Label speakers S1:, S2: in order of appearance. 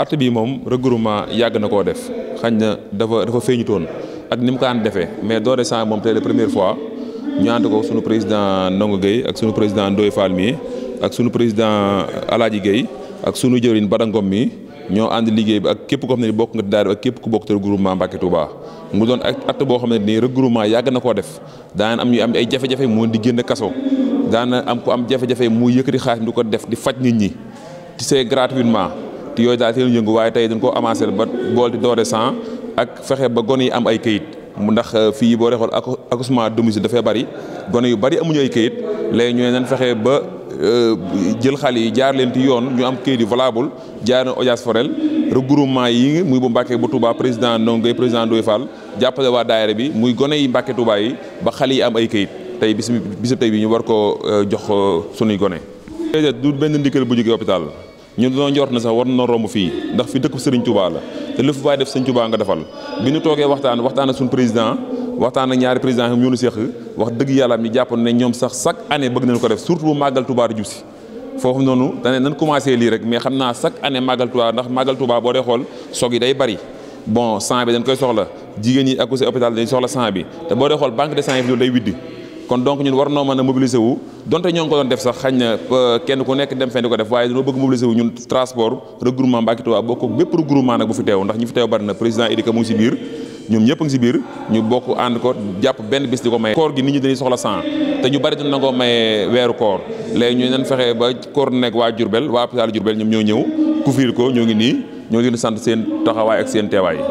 S1: art bi moom regroupement yàgg na koo def xañ na dafa feeñu toon ak ni mu ko daan defee mais doore sans moom tey la première fois ñu ànd ko suñu président Ndongo Gueye ak suñu président Ndoye Fall mi ak suñu président Alaaji Gueye ak suñu jëriñ Badangom mi ñoo ànd liggéey bi ak képp koo xam ne bokk nga daara ak képp ku bokk te regroupement Mbacké ba mu doon ak at boo xam ne nii regroupement yàgg na koo def daan am ñu am ay jafe-jafe mu di génn kaso daana am ku am jafe-jafe mu yëkkati xaalis di ko def di faj nit ñi ci c'est gratuitement yooyu daal ci yëngu waaye tey dañ koo avancé ba bool di doore cent ak fexe ba gone yi am ay kayit mu ndax euh, fii boo rexool accouchement domicile dafay bari gone yu bari amuñu ay kayit léegi ñu ne nañ fexe ba euh, jël xal yi jaar leen ci yoon ñu am kayit yu valable jaar na audience forel regroupement yi muy bu Mbàkke bu Touba président Ndongoy président Ndoye Fall jàppale waa daayira bi muy gone yi Mbàkke Touba yi ba xal yi am ay kayit tey bis bisib tey bi ñu war koo euh, jox sunuy gone. déedéet du benn ndikkal bu jógee hôpital ñun dañoo njort na sax war na romb fii ndax fi dëkk Serigne Touba la te lu fi waay def Serigne Touba nga defal bi ñu toogee waxtaan waxtaan ak suñu président waxtaan ak ñaari président yi ñu seex wax dëgg yàlla mi jàpp ne ñoom sax chaque année bëgg nañu ko def surtout bu màggal Touba di jub si foofu noonu dane nan commencé lii rek mais xam naa chaque année màggal Touba ndax màggal Touba boo dee xool soog yi day bari bon sang bi dañ koy soxla jigéen ñi ak bi kon donc ñun war noo mën a mobiliser wu donte ñoo ngi ko doon def sax xañ na euh, kenn ku nekk dem fen di ko def waaye dañoo bëgg mobiliser wu ñun transport regroupement Mbacké Touba bokk bépp regroupement nag bu fi teew ndax ñu fi teew bari na président Idika mu ngi si biir ñu bokk ànd ko jàpp benn bis di ko maye. koor gi nit ñi dañuy soxla sang te ñu bari dina ko maye weeru koor léegi ñu leen fexe ba koor nekk waa Diourbel waa hôpital Diourbel ñoom ñoo ñëw couvrir ko ñoo ngi nii ñoo ngi sant seen taxawaay ak seen teewaay